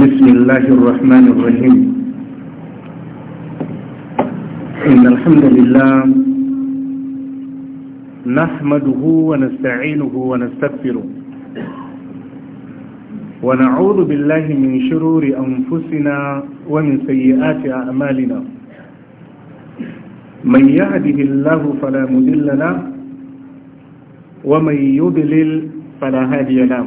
بسم الله الرحمن الرحيم إن الحمد لله نحمده ونستعينه ونستغفره ونعوذ بالله من شرور أنفسنا ومن سيئات أعمالنا من يهده الله فلا مذل له ومن يضلل فلا هادي له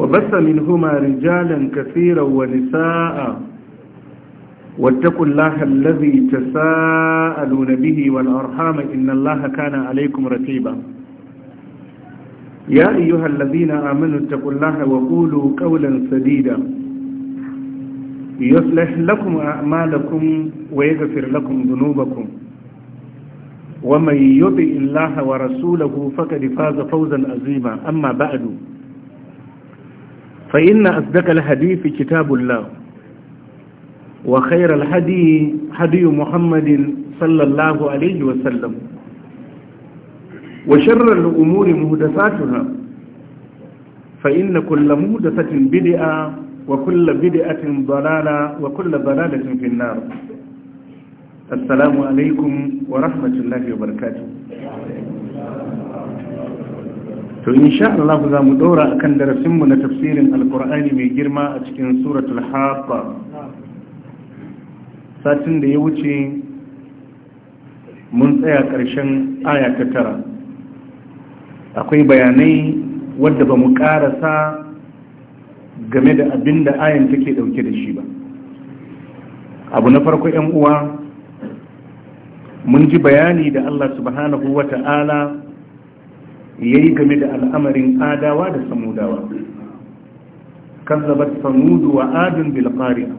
وبث منهما رجالا كثيرا ونساء واتقوا الله الذي تساءلون به والأرحام إن الله كان عليكم رتيبا يا أيها الذين آمنوا اتقوا الله وقولوا قولا سديدا يصلح لكم أعمالكم ويغفر لكم ذنوبكم ومن يطع الله ورسوله فقد فاز فوزا عظيما أما بعد فإن أصدق الحديث كتاب الله وخير الهدي هدي محمد صلى الله عليه وسلم وشر الأمور مهدفاتها فإن كل مهدفة بدئة وكل بدئة ضلالة وكل ضلالة في النار السلام عليكم ورحمة الله وبركاته to insha Allah za mu kan akan mu na tafsirin alkur'ani mai girma a cikin suratul hafa satin da ya wuce mun tsaya ƙarshen aya ta tara akwai bayanai wadda ba mu ƙarasa game da abinda da ayan take ɗauke da shi ba abu na farko 'yan uwa mun ji bayani da Allah subhanahu wa ta'ala ya yi game da al'amarin adawa da samudawa kazzabat samudu wa adun bilqari'a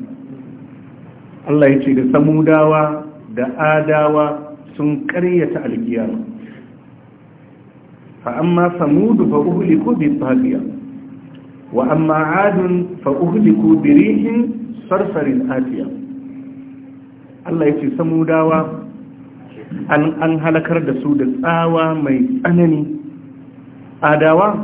Allah ya ce da samudawa da adawa sun karyata alkiyama fa amma samudu fa uhliku bi taghiya wa amma adun fa uhliku bi rihin sarsarin atiya Allah ya ce samudawa an an halakar da su da tsawa mai tsanani adawa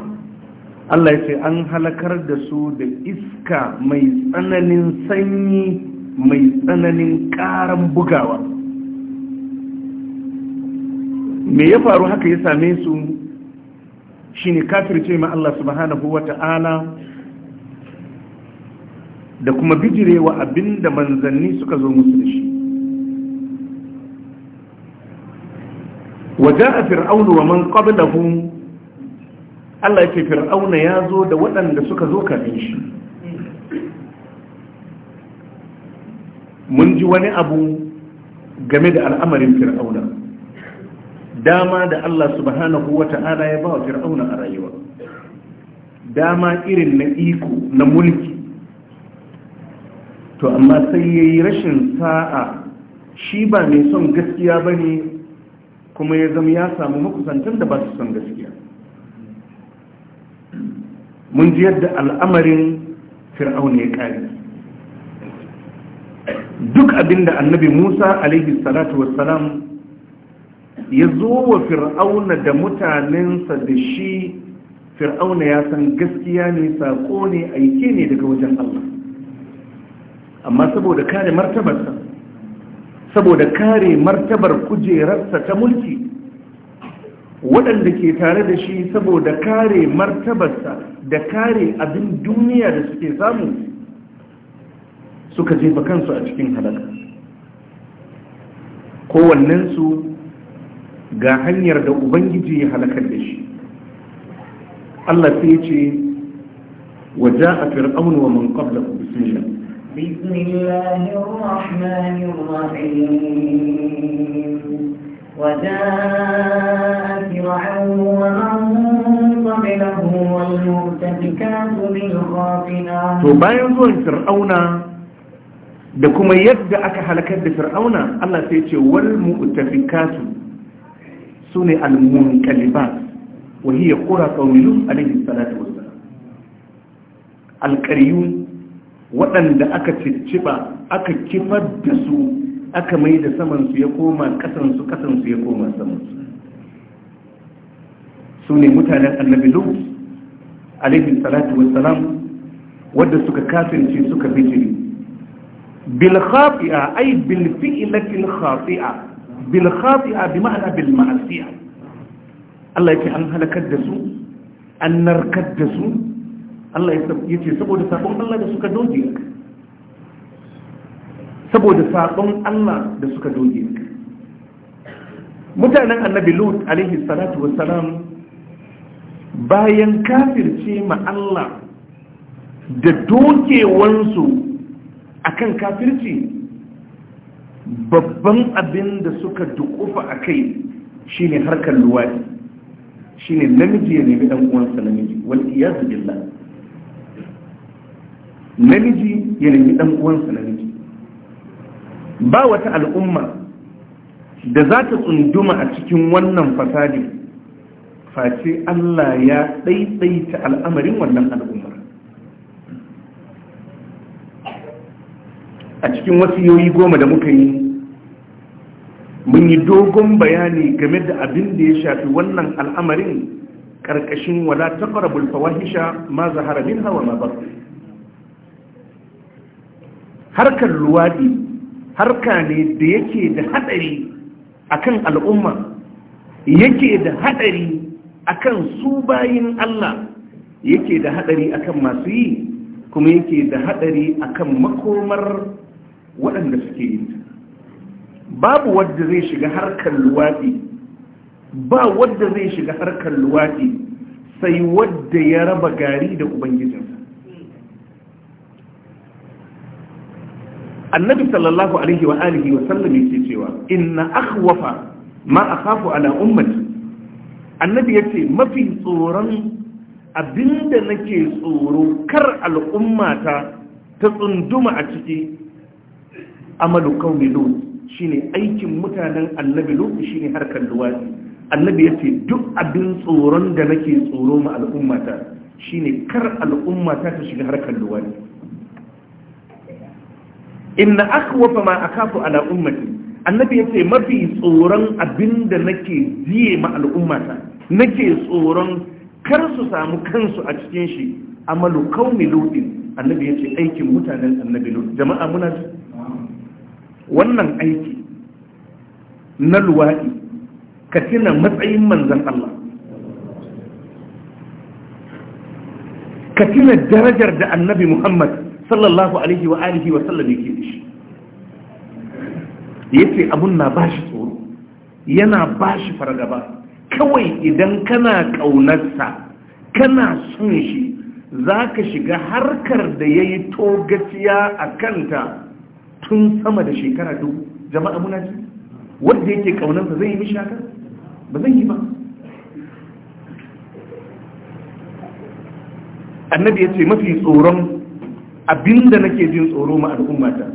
Allah ya ce an halakar da su da iska mai tsananin sanyi mai tsananin karan bugawa me ya faru haka ya same su shine ce ma Allah subhanahu ta'ala da kuma bijirewa abinda manzanni suka zo musu da shi waja'a fir'aunu wa man qablahu Allah ya fir'auna ya zo da waɗanda suka zo kafin shi mun ji wani abu game da al'amarin fir'auna dama da Allah subhanahu wa ta'ala ya ba wa fir'auna a rayuwa dama irin na iko na mulki to amma sai ya yi rashin sa'a shi ba mai son gaskiya ba ne kuma ya zama ya samu makusantar da ba su son gaskiya mun ji yadda al'amarin fir'aun ya kare duk abinda annabi musa alaihi salatu wassalam ya zo wa fir'auna da mutanensa da shi fir'auna ya san gaskiya ne sako ne aike ne daga wajen allah amma saboda kare martabarsa saboda kare martabar kujerarsa ta mulki waɗanda ke tare da shi saboda kare martabarsa da kare abin duniya da suke samu suka jefa kansu a cikin halaka kowannensu ga hanyar da ubangiji ya halakar da shi Allah sai ce waje a fir'aun wa man qabla bismillah bismillahir rahmanir وجاء فرعون ومن to bayan zuwan fir'auna da kuma yadda aka halakar da fir'auna Allah sai ce wal mu'tafikatu sune al munqalibat wa hiya qura qawmilu alayhi salatu wassalam waɗanda aka cicciba aka kifar da su aka mai da samansu ya koma kasansu kasansu ya koma samansu su ne mutanen annabi lu alaihi salatu wassalam wadda suka kasance suka bijiri bil khafi'a ay bil fi'lati al khafi'a bil khafi'a bi ma'ana bil ma'siya Allah yake an halakar da su an narkar da su Allah ya ce saboda sabon Allah da suka doge saboda sabon Allah da suka doge mutanen annabi lut alaihi salatu wassalam bayan kafirce ma Allah da dokewansu a akan kafirci babban abin da suka dukufa a kai shi ne harkar luwadi ne namiji ya nemi ɗan uwansa namiji wani iyaz billah namiji ya nemi ɗan uwansa namiji ba wata al'umma da za ta tsunduma a cikin wannan fasadi face Allah ya ɗaiɗaita al'amarin wannan al'ummar a cikin wasiyoyi goma da muka yi mun yi dogon bayani game da abin da ya shafi wannan al'amarin ƙarƙashin wala taqrabul fawahisha ma zahara minha hawa ma ba. harkar luwaɗi harka ne da yake da a akan al'umma yake da haɗari. akan su bayin Allah yake da hadari akan masu yi kuma yake da hadari akan makomar waɗanda suke yi babu wadda zai shiga harkar luwaɗi ba wadda zai shiga harkar luwaɗi sai wadda ya raba gari da ubangijin annabi sallallahu alaihi wa alihi wa sallam yake cewa inna akhwafa ma akhafu ala ummati annabi ya ce mafi tsoron abinda nake tsoro kar al'ummata ta tsunduma a ciki amalu kaumi lut shine aikin mutanen annabi lut shine harkar luwadi annabi ya ce duk abin tsoron da nake tsoro ma al'ummata shine kar al'ummata ta shiga harkar luwadi inna akhwafa ma akafu ala ummati annabi ya ce mafi tsoron abin da nake biye ma al'ummata nake tsoron kar su samu kansu a cikin shi amalu kaumi lutin annabi ya ce aikin mutanen annabi lutin jama'a muna wannan aiki na luwaɗi ka tuna matsayin manzan Allah ka tuna darajar da annabi Muhammad sallallahu alaihi wa alihi wa sallam yake da shi ya ce abun na ba shi tsoro yana ba shi fargaba kawai idan kana ƙaunarsa kana son shi za ka shiga harkar da ya yi togaciya a kanta tun sama da shekara dubu jama'a muna ce. wanda yake ƙaunarsa zai yi mishi haka ba zai yi ba annabi ya ce mafi tsoron abinda nake jin tsoro ma al'ummata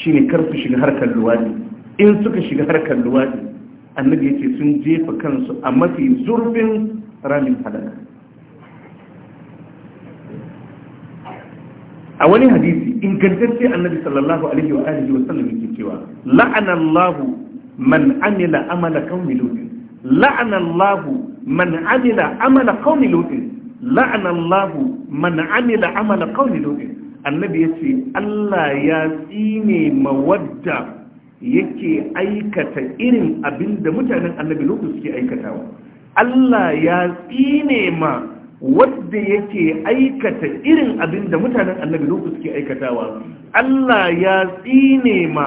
shine kar su shiga harkar luwadi in suka shiga harkar luwaɗi annabi ya ce sun jefa kansu a mafi zurfin ramin halaka a wani hadisi ingantacce annabi sallallahu alaihi wa alihi wa sallam yake cewa la'ana Allahu man amila amala qaumi lut la'ana Allahu man amila amala qaumi lut la'ana Allahu man amila amala qaumi lut annabi yace Allah ya tsine mawadda yake aikata irin abin da mutanen annabi lokacin suke aikatawa Allah ya tsine ma wadda yake aikata irin abin da mutanen annabi lokacin suke aikatawa Allah ya tsine ma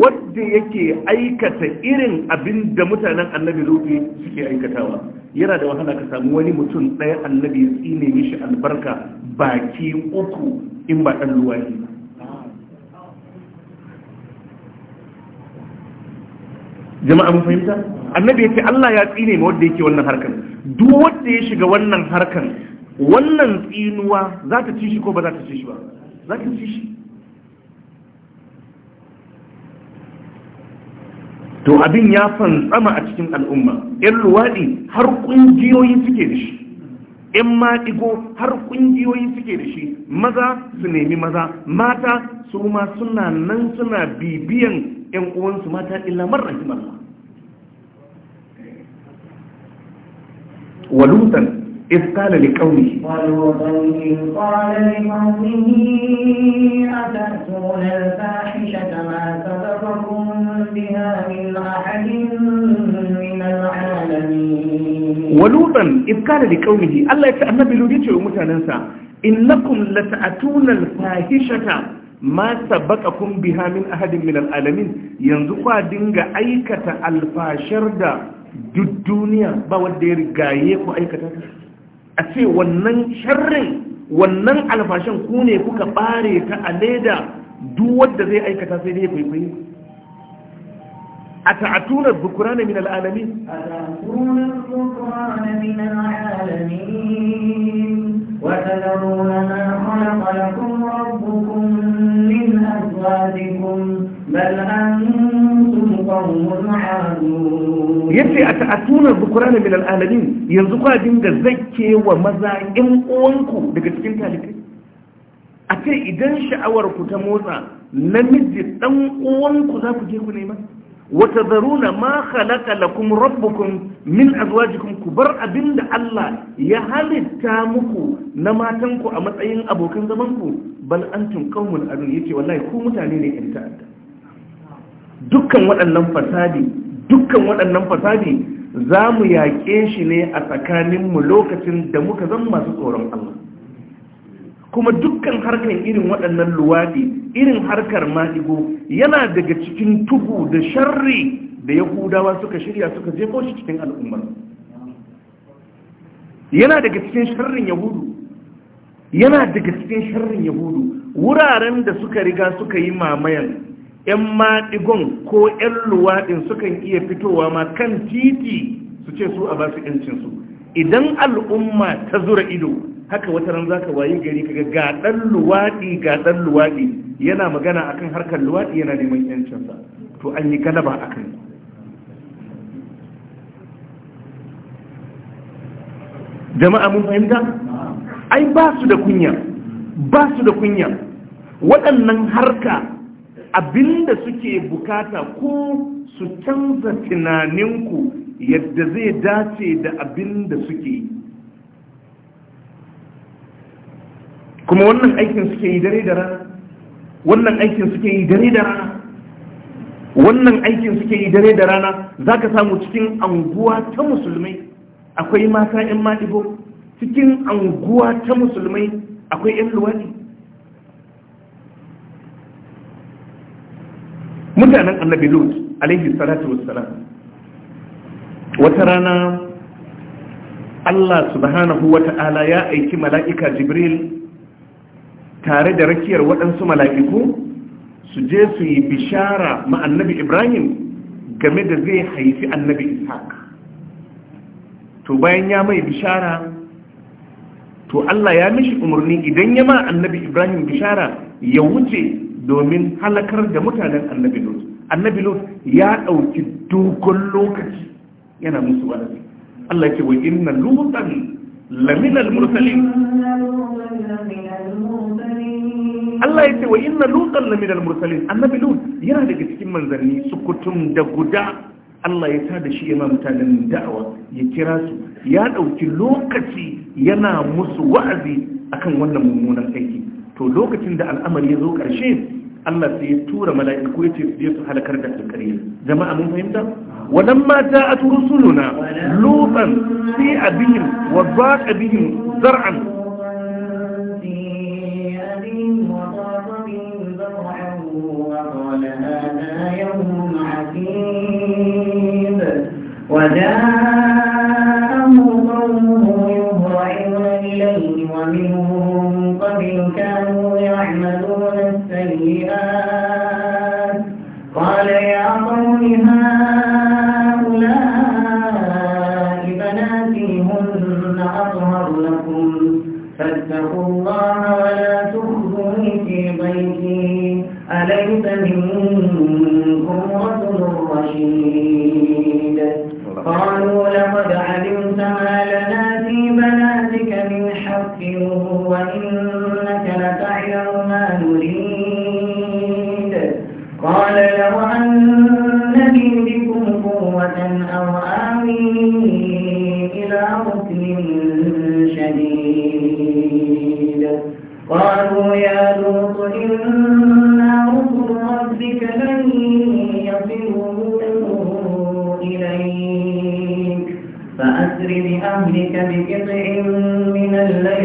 wadda yake aikata irin abin da mutanen annabi lokacin suke aikatawa yana da wahala ka samu wani mutum ɗaya annabi ya tsine mishi albarka baki uku in ba ɗan luwani ba jama'a mun fahimta annabi yace Allah ya tsine ma wanda yake wannan harkan duk wanda ya shiga wannan harkan wannan tsinuwa za ta ci shi ko ba za ta ci shi ba za ta ci shi to abin ya fantsama a cikin al'umma yan luwaɗi har ƙungiyoyi suke da shi in ma har ƙungiyoyi suke da shi maza su nemi maza mata su ma suna nan suna bibiyan 'yan uwansu mata illa marar himarla walutan إذ قال لقومه قال لقومه أتأتون الفاحشة ما سبقكم بها من أحد من العالمين ولوطا إذ قال لقومه الله يتأمل بلوديته ومتاننسا إنكم لتأتون الفاحشة ma sabaqakum biha min ahadin min alalamin yanzu kwa dinga aikata alfashar da duk duniya ba wanda ya rigaye ku aikata a ce wannan sharrin wannan alfashin ku ne kuka bare ta a leda duk wanda zai aikata sai dai kwaikwayi أتعتون الذكران من العالمين أتعتون الذكران من العالمين وتذرون ما خلق لكم ربكم من أزواجكم بل أنتم قوم yace a ta'atuna zukurana min al'alamin yanzu kuna dinga zakke wa maza in uwanku daga cikin talibai a ce idan sha'awar ku ta motsa namiji dan uwanku za ku je ku nema وتذرون ما خلق لكم ربكم من أزواجكم كبر أبن الله يهل التامكو نما تنكو أمتعين أبو كان زمانكو بل أنتم قوم أدن يتي والله كو متعنين إن تأدى دكا وأنم فسادي دكا وأنم فسادي za mu yaƙe shi ne a tsakaninmu lokacin da muka zan masu tsoron Allah kuma dukkan harkan irin waɗannan luwaɗi irin harkar maɗigo yana daga cikin tuhu da sharri da yahudawa suka shirya suka jefo shi cikin al'ummar yana daga cikin sharrin yahudu yana daga cikin sharrin yahudu wuraren da suka riga suka yi mamayan 'yan maɗigon ko 'yan luwaɗin sukan iya fitowa ma kan titi su ce su a ba su 'yancinsu idan al'umma ta zura ido haka wata ran ka wayi gari ga ɗan luwaɗi ga ɗan luwaɗi yana magana akan harkar luwaɗi yana neman yancinsa to an yi galaba a kan jama'a mun fahimta ai ba su da kunya ba su da kunya waɗannan harka abinda suke bukata ko su canza tunaninku yadda zai dace da abinda suke kuma wannan aikin suke yi dare da rana wannan aikin suke yi dare da rana wannan aikin suke yi dare da rana za ka samu cikin anguwa ta musulmai akwai mata 'yan maɗigo cikin anguwa ta musulmai akwai 'yan luwaɗi mutanen annabi lut alaihi salatu wassalam wata rana allah subhanahu wa ta'ala ya aiki mala'ika jibril tare da rakiyar waɗansu mala'iku su je su yi bishara ma annabi ibrahim game da zai haifi annabi ishaq to bayan ya mai bishara to allah ya mishi umarni idan ya ma annabi ibrahim bishara ya wuce domin halakar da mutanen annabi lot annabi lot ya ɗauki dogon lokaci yana musu wani allah ce wa inna lutan laminal mursalin Allah ya ce wa inna lutan lamina al-mursalin annabi lut yana daga cikin manzanni sukutun da guda Allah ya ta da shi yana mutanen da'awa ya kira su ya dauki lokaci yana musu wa'azi akan wannan mummunan aiki to lokacin da al'amari ya zo karshe Allah sai ya tura mala'iku ya ce su su halakar da alƙarya jama'a mun fahimta wadan mata a rusuluna lutan sai abihim wa zaqa bihim zar'an حميد وجاء الرحيم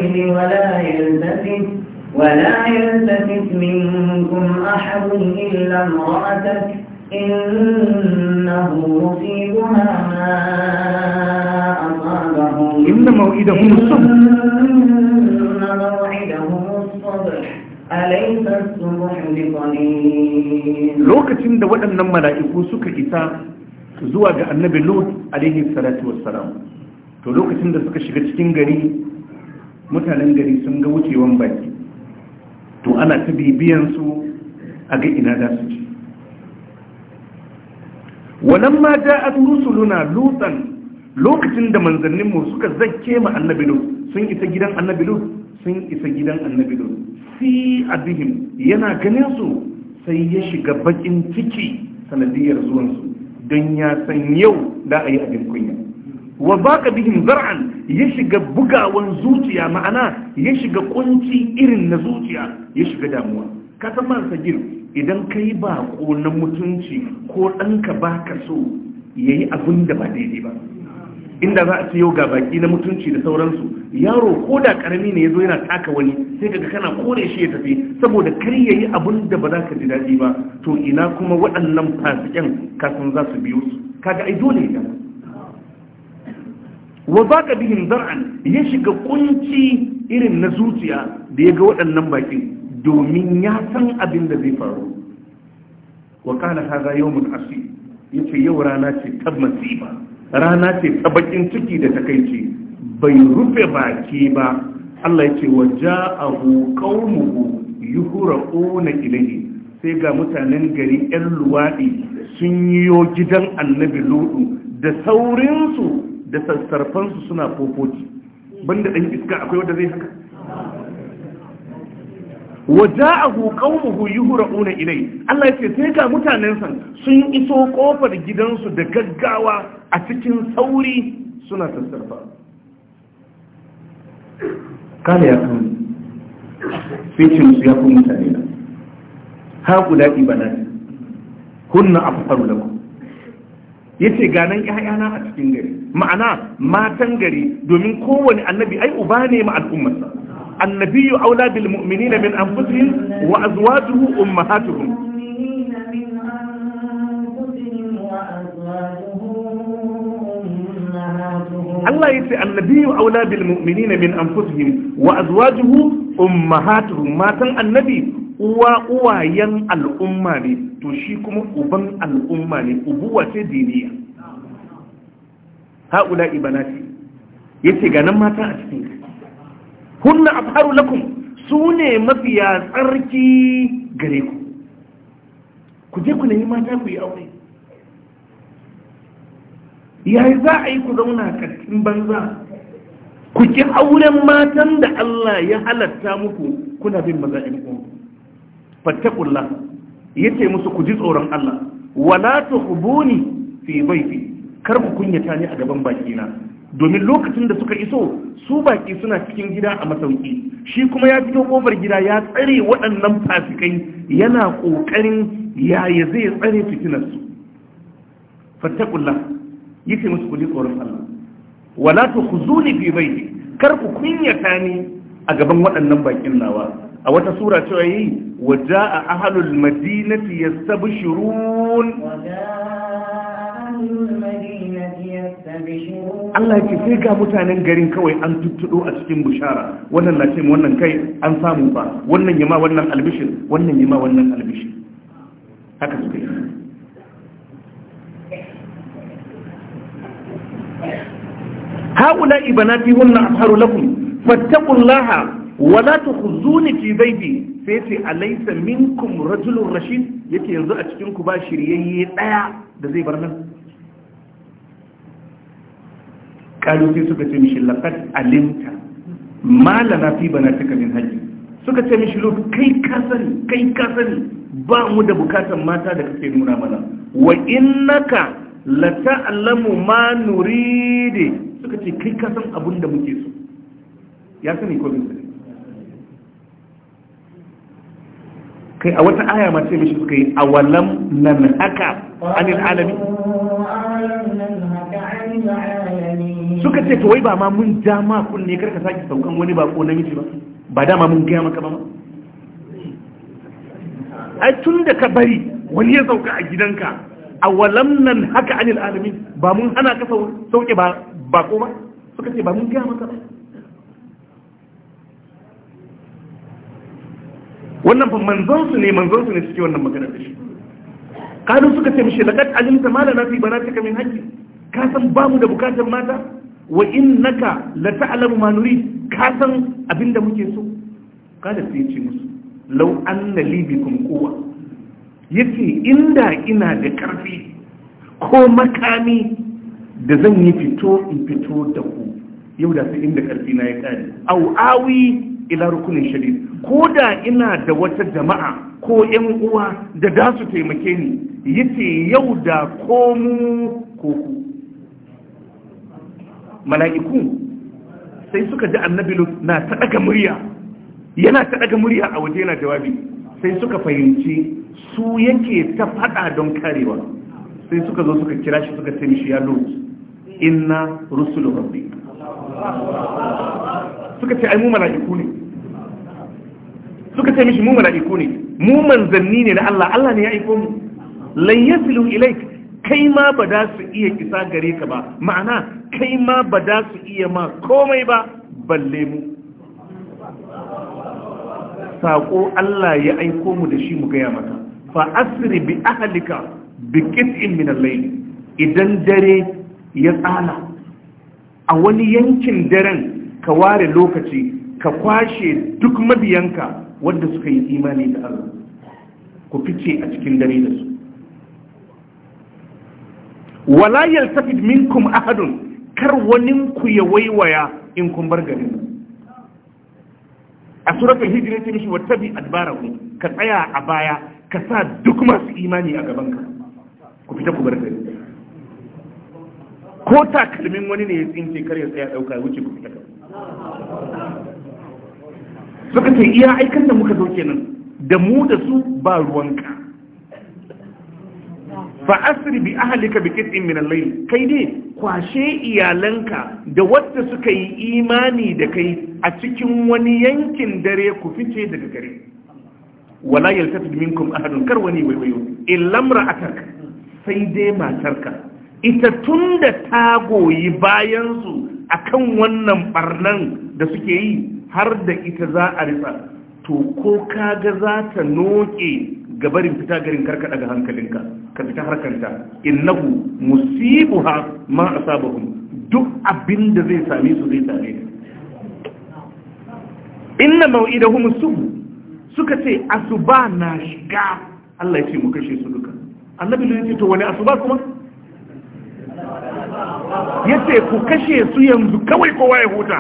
الليل ولا يلتفت ولا يلتفت منكم أحد إلا امرأتك إنه مصيبها ما أصابهم إن موعدهم الصبح إن موعدهم الصبح أليس الصبح بقليل لوكتين دا ودن نما لائكو سكا zuwa ga annabi Lut alaihi salatu wassalam to lokacin da suka shiga cikin gari mutanen gari sun ga wucewan baki to ana ta bibiyansu a ga ina da su ce wannan ma a rusuluna lutan lokacin da manzanninmu suka zakke ma annabilu sun isa gidan annabilu sun isa gidan annabi fi abihim yana ganin su sai ya shiga bakin ciki sanadiyar zuwansu don ya san yau da a yi abin kunya wa baka bihin zar'an ya shiga bugawan zuciya ma'ana ya shiga kunci irin na zuciya ya shiga damuwa ka san marasa gir idan ka yi bako na mutunci ko ɗanka ba ka so ya yi abin da ba daidai ba inda za a ce yau ga baki na mutunci da sauransu yaro ko da karami ne ya zo yana taka wani sai kaga kana kore shi ya tafi saboda kar ya yi abin da ba za ka ji daɗi ba to ina kuma waɗannan fasikin kasan za su biyo su kaga ai dole ya wa za ka bihin zar'an ya shiga kunci irin na zuciya da ya ga waɗannan baƙin domin ya san abin da zai faru wa kana haza yawmun asi ce yau rana ce ta masifa rana ce ta baƙin ciki da takaici bai rufe baki ba Allah yace wa ja'ahu qaumuhu yuhraquna ilayhi sai ga mutanen gari 'yan luwaɗi sun yiwo gidan annabi ludu da saurinsu da sassarfansu suna fofoti banda ɗan iska akwai wanda zai haka waja'ahu qaumuhu yuhra'una ilai Allah yake sai ga san sun iso kofar gidansu da gaggawa a cikin sauri suna sassarfa Kale ya kan sai su ya ku mutane na ha kula ibanati kunna afqaru lakum ya ce ganan ‘ya'yana a cikin gari ma'ana matan gari domin kowane annabi ai uba ne ma al'ummarsa annabiyu aula bil mu'minina min anfusihim wa azwajuhu ummahatuhum Allah ya ce annabiyu aula bil mu'minina min anfusihim wa azwajuhu ummahatuhum matan annabi uwa uwayen al'umma ne to shi kuma uban al'umma ne ubuwa ce diniya haula ibanati yace ga nan mata a cikin hunna abharu lakum su ne mafiya tsarki gare ku ku je ku nemi mata ku yi aure yayi za a yi ku zauna karkin banza ku ki auren matan da Allah ya halatta muku kuna bin maza ɗin ku fattakullah yace musu ku ji tsoron Allah wala tukhbuni fi baiti kar ku kunyata ni a gaban baki na domin lokacin da suka iso su baki suna cikin gida a masauki shi kuma ya fito kofar gida ya tsare waɗannan fasikai yana kokarin yaya zai tsare fitinarsu fattakullah yace musu ku ji tsoron Allah wala tukhzuni fi baiti kar ku kunyata ni a gaban waɗannan bakin nawa a wata sura ta yi wajen a ahalul madinati ya sabu shirun Allah ke sai ga mutanen garin kawai an tuttuɗo a cikin bushara wannan na ce wannan kai an samu ba wannan yi ma wannan albishin wannan yi ma wannan albishin haka suka yi haula ibanati wannan a faru asharu lakum fattaqullaha wala tukhzuni fi baiti sai ce alaysa minkum rajulun rashid yake yanzu a cikin ku ba shiryayye daya da zai bar nan kalu sai suka ce mishi laqad alimta ma na fi taka min haji suka ce mishi lu kai ka sani kai ka sani ba mu da bukatan mata da kake nuna mana wa innaka la ta'lamu ma nuride suka ce kai ka san abin da muke so ya sani ko bin sani kai a wata aya ma ce mishi suka yi awalam nan haka anil alami suka ce to wai ba ma mun ja ma kunne karka saki saukan wani ba ko namiji ba ba dama mun gaya maka ba ma ai tun da ka bari wani ya sauka a gidanka a walam nan haka anil alamin ba mun hana ka sauke ba bako ba suka ce ba mun gaya maka ba wannan fa manzon su ne manzon su ne suke wannan magana da shi kalu suka ce mishi laqad alimta ma lana fi banatika min haqqi ka san ba da bukatar mata wa innaka la ta'lamu ma nuri ka san abinda muke so kada sai ce musu law anna li bikum quwwa yace inda ina da karfi ko makami da zan yi fito in fito da ku yau da sai inda karfi na ya kare au awi ila rukunin shadid ko da ina da wata jama'a ko yan uwa da da su taimake ni yace yau da komu ko ku mala'iku sai suka ji annabi na ta murya yana ta murya a waje yana jawabi sai suka fahimci su yake ta fada don karewa sai suka zo suka kira shi suka ce mishi ya inna rusulu rabbika suka ce ai mu mala'iku ne suka ce mishi mu mala'iku ne mu manzanni ne na Allah Allah ne ya aiko mu lan yasilu ilaik kai ma ba da su iya isa gare ka ba ma'ana kai ma ba da su iya ma komai ba balle mu sako Allah ya aiko mu da shi mu gaya mata. fa asri bi ahlika bi qit'in min al-layl idan dare ya tsala a wani yankin daren ka ware lokaci ka kwashe duk mabiyanka wanda suka yi imani da Allah ku fice a cikin dare da su wala yaltafid minkum ahadun kar wani ku ya waiwaya in kun bar garin a suratul hijra ta mishi wattabi adbarakum ka tsaya a baya ka sa duk masu imani a gaban ka ku fita ku bar gari ko takalmin wani ne ya tsince kar ya tsaya dauka wuce ku fita ka suka ce iya aikar da muka zo kenan da mu da su ba ruwanka fa asri bi ahlika bi kitin min al kai dai kwashe iyalanka da wadda suka yi imani da kai a cikin wani yankin dare ku fice daga gare wala yaltafid minkum ahadun kar wani waiwayo illa imra'atak sai dai matarka ita tunda ta goyi bayan su akan wannan barnan da suke yi har da ita za a ritsa to ko kaga za ta noke gabarin fita garin karka ga hankalinka ka fita harkanta innahu musibuha ma asabahum duk abin da zai same su zai same ka inna mau'idahum subu suka ce asuba na shiga Allah ya ce mu kashe su duka annabi ne ya ce to wani asuba kuma yace ku kashe su yanzu kawai kowa ya huta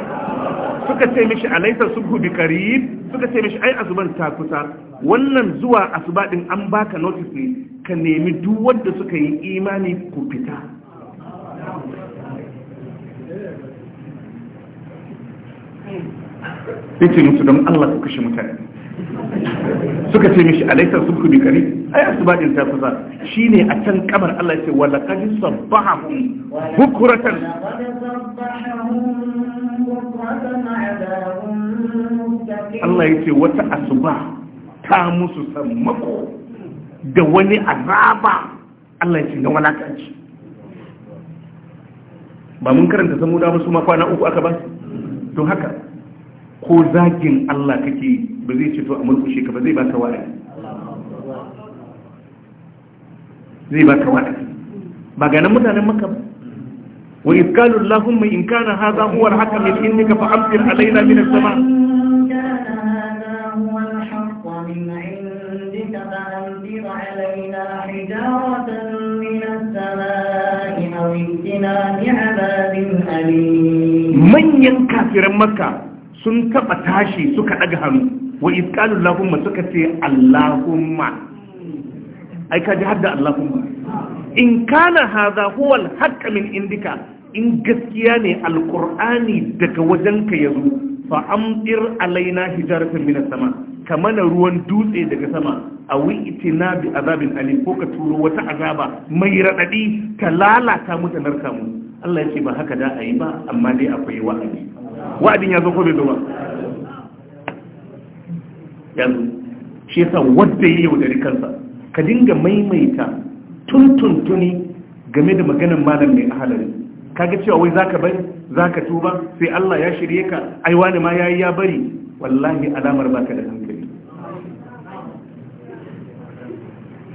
suka ce mishi alaisa sun hudu kari suka ce mishi ai azuban ta kusa wannan zuwa asuba din an baka notice ne ka nemi duk wanda suka yi imani ku fita yace musu don Allah ku kashe mutane suka ce mishi alaisar sulku bi kare ai asbadin ta kusa ne a can kamar Allah ya ce wala qad sabbahum bukratan Allah ya ce wata asuba ta musu sammako da wani azaba Allah ya ce na walakanci ba mun karanta samu da musu ma kwana uku aka ba to haka ko zagin Allah kake ba zai ce to a mulkushe ka ba zai baka wa'adi zai baka wa'adi ba ganin mutanen maka ba wa iskalu Allahumma in kana haza huwa haka mai min indika fa amtir alaina min as-sama' manyan kafiran maka sun taba tashi suka daga hannu wa iskalun lahumma suka ce allahumma ai ka ji hadda allahumma in kana haza huwal alhaqqa min indika in gaskiya ne alqur'ani daga wajenka yazo fa amdir alaina hijaratan min sama mana ruwan dutse daga sama a wi'tina bi azabin alim ko ka turo wata azaba mai radadi ta lalata mu ta narka mu Allah ya ce ba haka da a yi ba amma dai akwai wa'adi wa'adin ya zo ko bai zo ba yanzu shi yasa wadda ya da kansa ka dinga maimaita tuntuntuni game da maganin malam mai ahalari kaga cewa wai zaka bari zaka tuba sai Allah ya shirye ka ai wani ma yayi ya bari wallahi alamar baka da hankali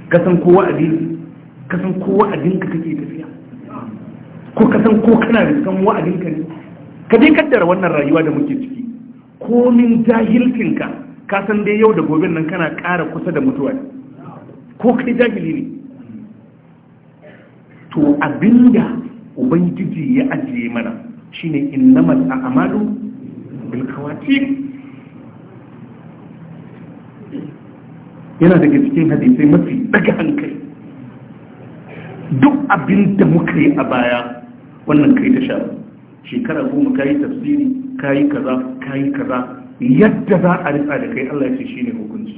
ka san kowa abin ka san kowa abin ka kake tafiya ko ka san ko kana da san wa'adin ka ne ka dai kaddara wannan rayuwa da muke ciki komin ka. ka san dai yau da gobe nan kana ƙara kusa da mutuwa ne ko kai jahili ne to abinda ubangiji ya ajiye mana shine innamal a'malu bil khawatim yana daga cikin hadisai mafi daga hankali duk abinda muka yi a baya wannan kai ta sha shekara goma kayi tafsiri kayi kaza kayi kaza yadda za a rika da kai Allah ya ce shine hukunci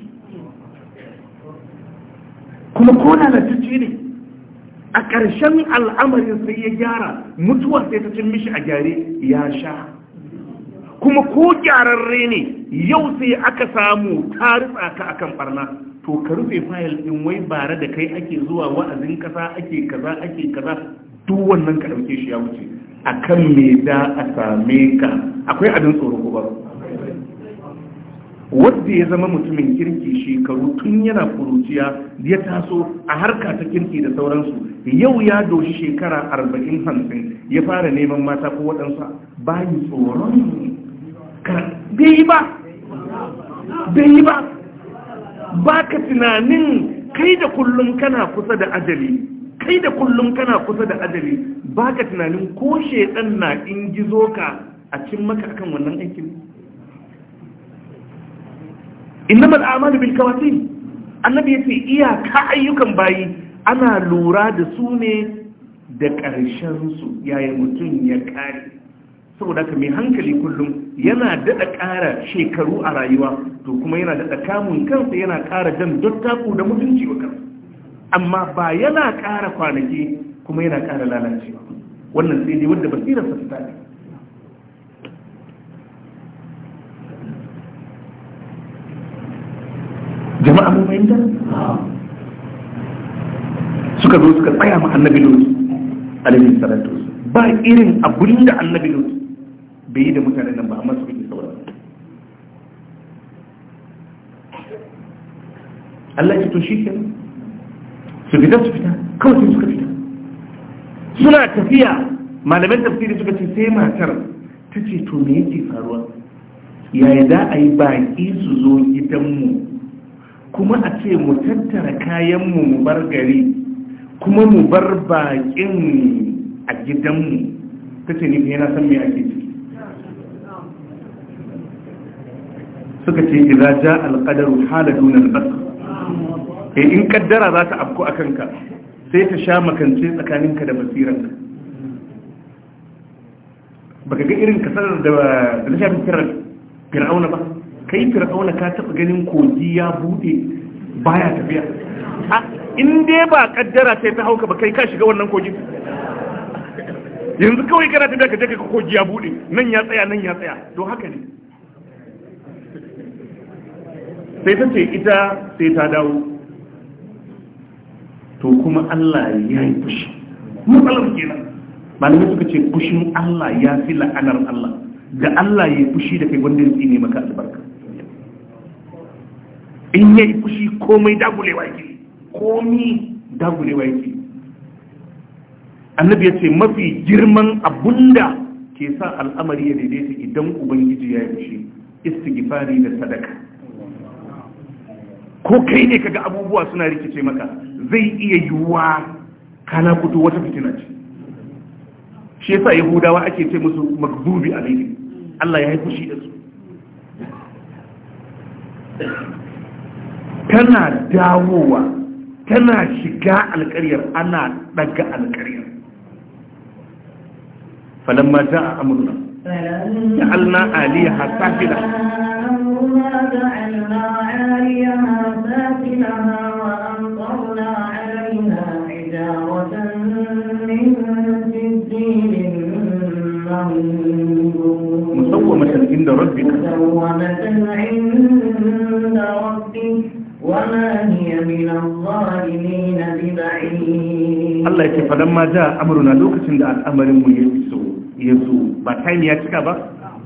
kuma ko lalatacce ne a ƙarshen al'amarin sai ya gyara mutuwa sai ta cin mishi a gyare ya sha kuma ko gyararre ne yau sai aka samu ta ritsa ka akan barna to ka rufe fayil ɗin wai bare da kai ake zuwa wa'azin kasa ake kaza ake kaza duk wannan ka ɗauke shi ya wuce akan me da a same ka akwai abin tsoro ko ba wadda ya zama mutumin kirki shekaru tun yana furuciya ya taso a harka ta kirki da sauransu yau ya doshi shekara arba'in hamsin ya fara neman mata ko waɗansa bayi tsoron bai ba bai ba ba ka tunanin kai da kullum kana kusa da ajali kai da kullum kana kusa da ajali ba ka tunanin ko shaidan na ingizo ka a cin maka kan wannan aikin innama al'amalu bil kawatin annabi yace iyaka ayyukan bayi ana lura da su ne da ƙarshen su yayi mutum ya kare saboda ka mai hankali kullum yana daɗa ƙara shekaru a rayuwa to kuma yana daɗa kamun kansa yana ƙara jan dottaku da mutunci wa kansa amma ba yana ƙara kwanaki kuma yana ƙara lalacewa wannan sai dai wanda basirar basirarsa ta tafi jama'a mun da suka zo suka tsaya ma annabi lutu alaihi salatu ba irin abin da annabi lutu bai yi da mutanen nan ba amma su yi saurara Allah ya to shi ke su fita su fita kawai sai suka fita suna tafiya malamin tafsiri suka ce sai matar ta ce to me yake faruwa yaya za a yi baƙi su zo gidanmu kuma a ce mu tattara kayanmu mu bar gari kuma mu bar baƙin a gidanmu ta ce ni yana san mai ake ciki suka ce idan ja alƙadaru haladun albasa e eh, in ƙaddara za ta afko a kanka sai ta sha makance tsakaninka da basiranka baka ga irin kasar da ta shafi firar fir'auna ba kai fir'auna ka taɓa ganin kogi ya bude baya tafiya in dai ba kaddara sai ta hauka ba kai ka shiga wannan kogi yanzu kawai kana tafiya ka je ka kogi ya buɗe nan ya tsaya nan ya tsaya to haka ne sai ta ce ita sai ta dawo to kuma Allah ya yi fushi matsalar kenan malamin suka ce fushin Allah ya fi la'anar Allah ga Allah ya yi fushi da kai wanda ya tsine maka albarka in ya yi fushi komai dagulewa yake komai dagulewa yake annabi ya ce mafi girman abunda ke sa al'amari ya daidaita idan ubangiji ya yi fushi istighfari da sadaka ko kai ne kaga abubuwa suna rikice maka zai iya yiwuwa kana fito wata fitina ce shi yasa yahudawa ake ce musu makbubi alaihi Allah ya yi fushi da su tana dawowa tana shiga alƙaryar ana daga alƙaryar falamma ta a amurna ya alna aliyaha safila مسومة عند ربك مسومة عند وما هي من الظالمين ببعيد الله يكفى فلما جاء أمرنا لوكة عند الأمر يسو يسو باتايم يتكى با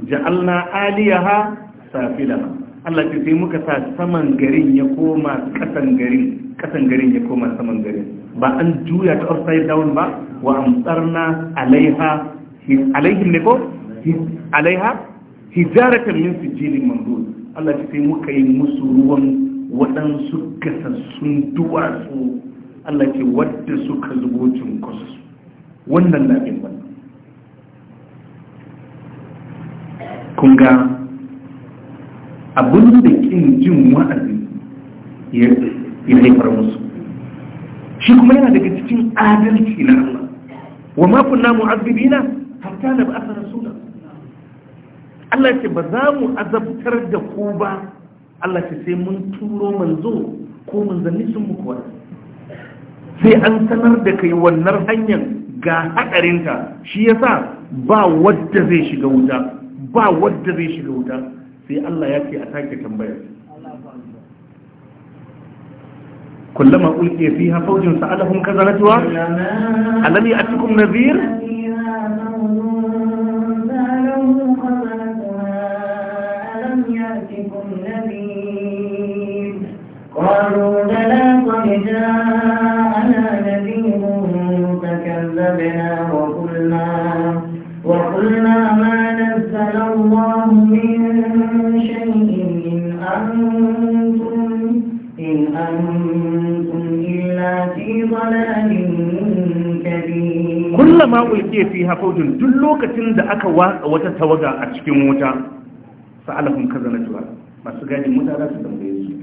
جعلنا aliyaha safila. Allah ce sai muka sa saman garin ya koma kasan garin kasan garin ya koma saman garin ba an juya ta upside down ba wa amsarna alaiha alaihim ne ko alaiha hijaratan min sijilin mandud Allah ce sai muka yi musu ruwan waɗansu gasassun duwatsu Allah ce wadda suka zubo cinkosu wannan labin wannan kunga abin da ƙin jin wa'azi ya haifar musu shi kuma yana daga cikin adalci na Allah wa makon namu azubina hatta da ba a Allah ce ba za mu azabtar da ku ba Allah ce sai mun turo manzo ko manzanni sun muku wani sai an sanar da kai wannan hanyar ga haɗarinta shi yasa ba wadda zai shiga wuta ba wadda zai shiga wuta sai Allah ya ce a take tambayar kullama ulqiya fiha fawjun sa'alahum kazanatuha alam ya'tikum nadhir kullama ulke fi hafaujin duk lokacin da aka watsa wata tawaga a cikin wuta na kazanatuha masu gadin wuta za su tambaye su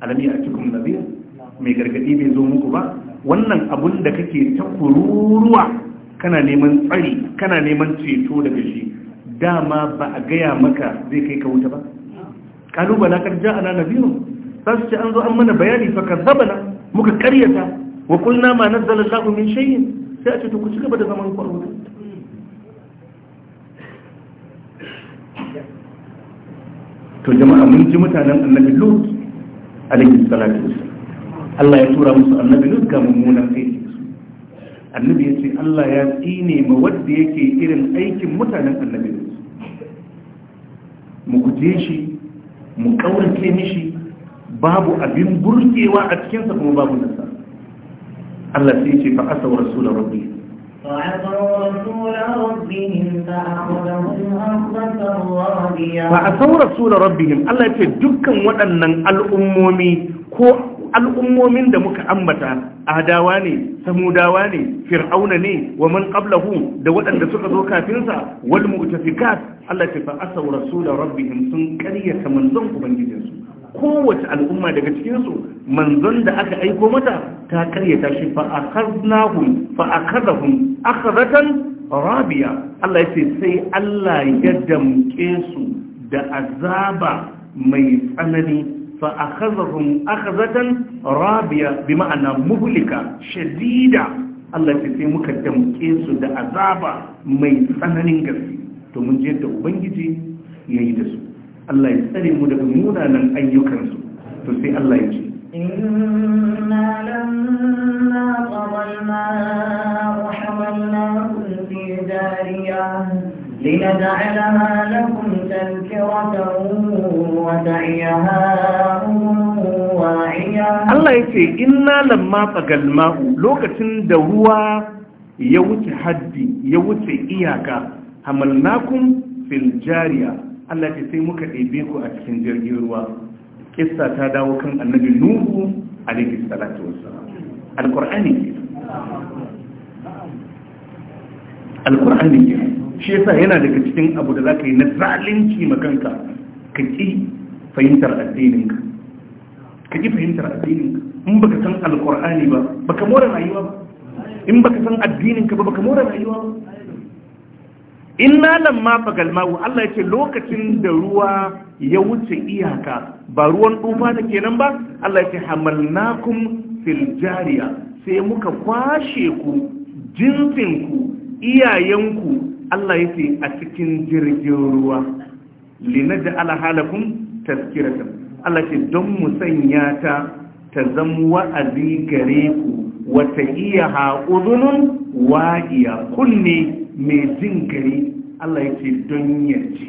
alami a cikin nabiya mai gargadi bai zo muku ba wannan abun da kake ta kururuwa kana neman tsari kana neman ceto daga shi dama ba a gaya maka zai kai ka wuta ba kalubala kar ja'ana za su ce an zo an mana bayani fa kazzabana muka karyata wa kullama nazzala min shay'in sai a ce to ku ci gaba da zaman kwaro to jama'a mun ji mutanen annabi lut alaihi salatu Allah ya tura musu annabi lut ga mummunan aiki annabi ya ce Allah ya tsine ma wadda yake irin aikin mutanen annabi lut mu guje shi mu kaurace mishi babu abin burkewa a cikinsa kuma babu nasa Allah sai ce fa asaw rasul rabbi fa asaw rasul rabbihim Allah ce dukkan waɗannan al'ummomi ko al'ummomin da muka ambata adawa ne samudawa ne fir'auna ne wa man qablahu da waɗanda suka zo kafinsa wal mu'tafikat Allah ta fa asaw rasul rabbihim sun ƙaryata manzon ubangijinsu kowace al'umma daga cikinsu manzon da aka aiko mata ta karyata shi fa akarnahum fa akarahum akaratan rabiya Allah ya ce sai Allah ya damke su da azaba mai tsanani fa akarahum akaratan rabiya bi ma'ana muhlika shadida Allah ya ce sai muka damke su da azaba mai tsananin gaske to mun je da ubangiji yayi da su Allah ya tsare mu daga munanan ayyukansu to sai Allah ya ce inna wa Allah ya ce inna lamma qabalna lokacin da ruwa ya wuce haddi ya wuce iyaka hamalnakum fil jariya Allah ce sai muka ɗebe ku a cikin jirgin ruwa kissa ta dawo kan annabi nuhu alaihi salatu wassalam alqur'ani alqur'ani shi yasa yana daga cikin abu da zaka yi na zalunci makanka ka ki fahimtar addininka ka ki fahimtar addininka in baka san alqur'ani ba baka more rayuwa ba in baka san addininka ba baka more rayuwa ba inna lamma fagal Allah ya ce lokacin da ruwa ya wuce iyaka ba ruwan tufa da kenan ba Allah ya ce hamalnakum fil jariya sai muka kwashe ku jinsin ku iyayen ku. Allah ya ce a cikin jirgin ruwa ala halakum tazkiratan Allah ce don mu sanya ta ta zama wa'azi gare ku wata iya ha'udunun wa'iya kunne mai jin gari Allah ya ce don yarji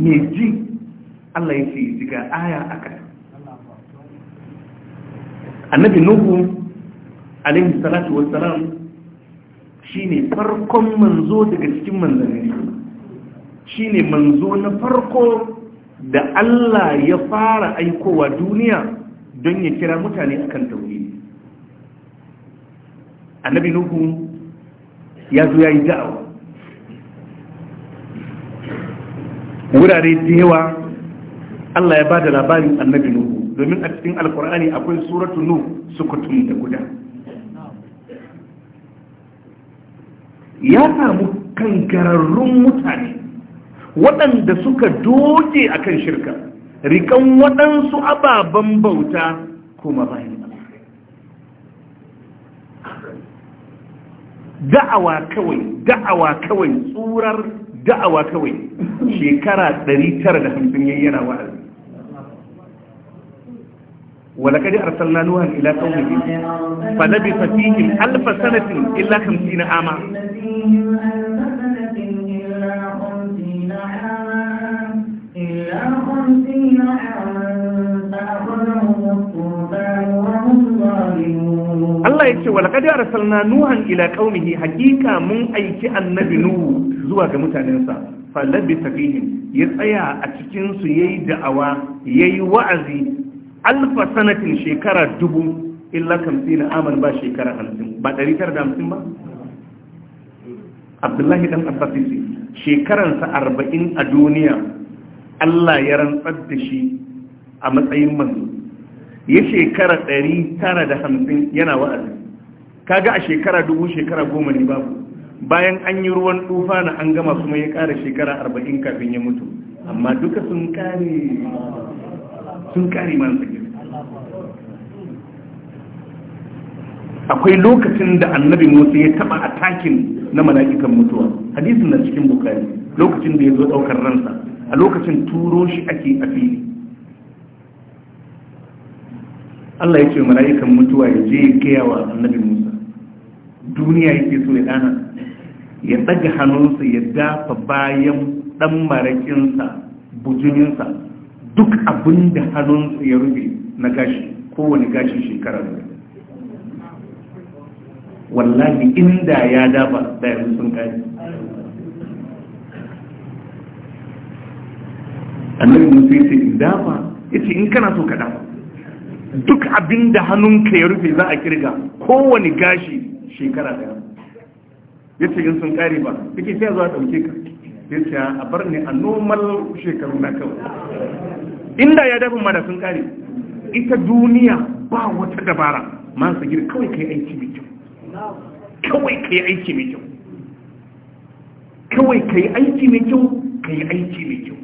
mai ji Allah ya ce jiga aya a kan annabi nuhu alaihi salatu wassalam shi ne farkon manzo daga cikin manzanni shi ne manzo na farko da Allah ya fara aikowa duniya don ya kira mutane akan tauhidi annabi nuhu ya zo ya yi da'awa wurare da yawa Allah ya ba da labarin annabi nuhu domin a cikin alkur'ani akwai suratu nu sukutun da guda ya samu kankararrun mutane waɗanda suka doge akan shirka rikan waɗansu ababen bauta kuma bayan da'awa kawai da'awa kawai tsurar da'awa kawai shekara 950 yayi yana wa'azi ولقد أرسلنا نوحا إلى قومه فلبث فيهم ألف سنة إلا خمسين عاما خمسين عاما فأخذهم الطوفان وهم ظالمون Allah ya ce wa laqad arsalna nuhan ila qaumihi hakika mun aiki annabi nuhu zuwa ga mutanensa falabita fihim ya tsaya a cikinsu ya yi da'awa ya yi wa'azi alfa sanatin shekara dubu illa kamsin aman ba shekara hamsin. ba ɗari tara da hamsin ba Abdullahi dan Abbas shekaransa arba'in a duniya Allah ya rantsar da shi a matsayin manzo ya shekara ɗari tara da hamsin yana wa'azi kaga a shekara dubu shekara goma ne babu bayan an yi ruwan tufa na an gama kuma ya kara shekara arba'in kafin ya mutu amma duka sun kare sun kare man akwai lokacin da annabi musa ya taba a takin na mala'ikan mutuwa hadisin na cikin bukari lokacin da ya zo ɗaukar ransa a lokacin turo shi ake a fili Allah ya ce mala'ikan mutuwa ya je ya gaya wa annabi Musa duniya yake so ya dana ya daga hannunsa ya dafa bayan dan marakinsa bujininsa duk abin da hannunsa ya rufe na gashi kowane gashi shekara da wallahi inda ya dafa da yanzu sun kari annabi musa ya ce in dafa ya ce in kana so ka dafa duk abin da hannunka ya rufe za a kirga kowane gashi shekara daya ya ce in sun kare ba suke sai zuwa ɗauke ka ya ce a bar ne a normal shekaru na kawai inda ya dafin mana sun kare ita duniya ba wata dabara man sagir kawai ka yi aiki mai kyau kawai ka yi aiki mai kyau kawai ka yi aiki mai kyau ka yi aiki mai kyau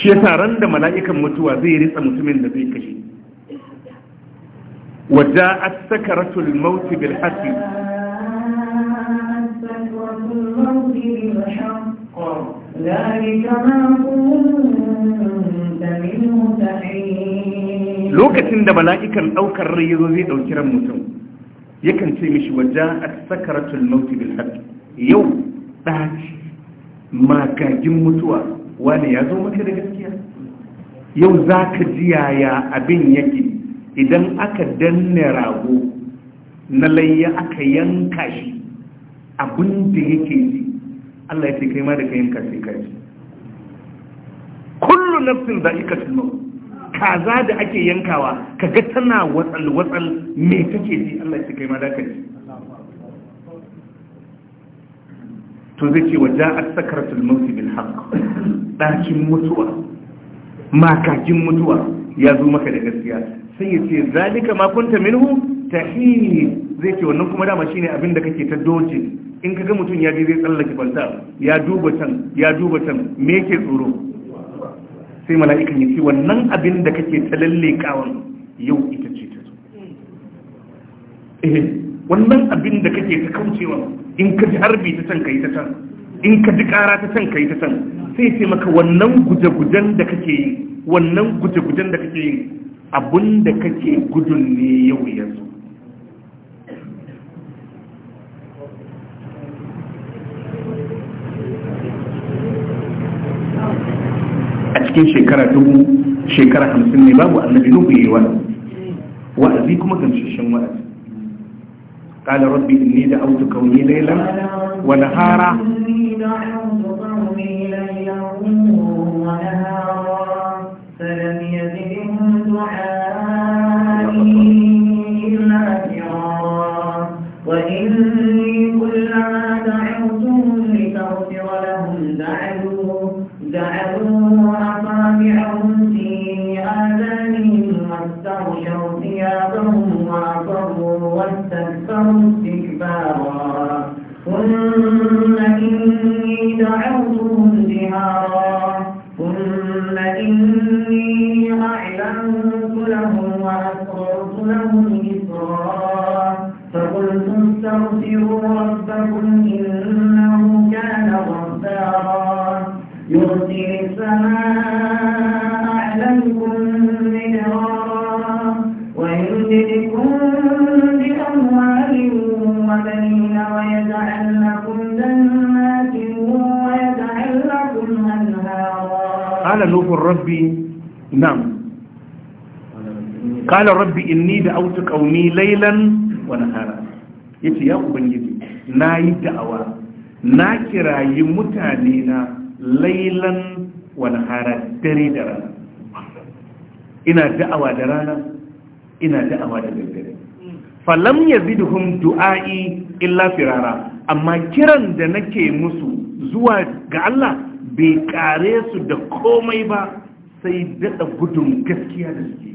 shi yasa ran da mala'ikan mutuwa zai ritsa mutumin da zai kashe وجاءت سكرة sakaratul بالحق bil ما كنت منه da mala'ikan daukar rai yazo zai dauki ran mutum yakan ce mishi waja'at sakaratul maut bil haqq yau daci magagin mutuwa wani ya zo maka da gaskiya yau za ka ji yaya abin yake idan aka danne rago na layya aka yanka shi abin da yake ji Allah ya ce kai ma da ka yanka sai ka ji kullu nafsin za'iqatul maut kaza da ake yankawa kaga tana watsal watsal me take ji Allah ya ce kai ma da ka ji to zai ce wa ja'at sakratul maut bil haqq ɗakin mutuwa makakin mutuwa ya zo maka da gaskiya sai ya ce zalika ma kunta minhu tahini zai ce wannan kuma dama shine abin da kake ta doje in kaga mutum ya je zai tsallake banta, ya duba can ya duba can me yake tsoro sai mala'ikan ya ce wannan abin da kake ta lalle kawan yau ita ce ta zo eh wannan abin da kake ta kaucewa in ka ji harbi ta can kai ta can in ka ji ƙara ta can ka yi ta can sai ce maka wannan guje-gujen da kake yi wannan guje-gujen da kake yi abun da kake gudun ne yau yanzu a cikin shekara dubu shekara hamsin ne babu annabi nuhu yi wa'azi kuma gamsashen wa'azi قال ربي إني دعوت كوني ليلا ونهارا فلم يزدهم دعائي إلا فرارا وإن قلتم استغفروا ربكم إنه كان غفارا يرسل السماء عليكم مدرارا ويمددكم بأموال وبنين ويجعل لكم جنات ويجعل لكم أنهارا قال لوح ربي نعم قال ربي إني دعوت قومي ليلا ya ce ya ubangiji na yi da'awa na kirayi mutane na lailan wani hara dare da rana ina da'awa da rana ina da'awa da daddare falam ya hun du'a'i illa firara amma kiran da nake musu zuwa ga Allah bai kare su da komai ba sai daɗa gudun gaskiya da suke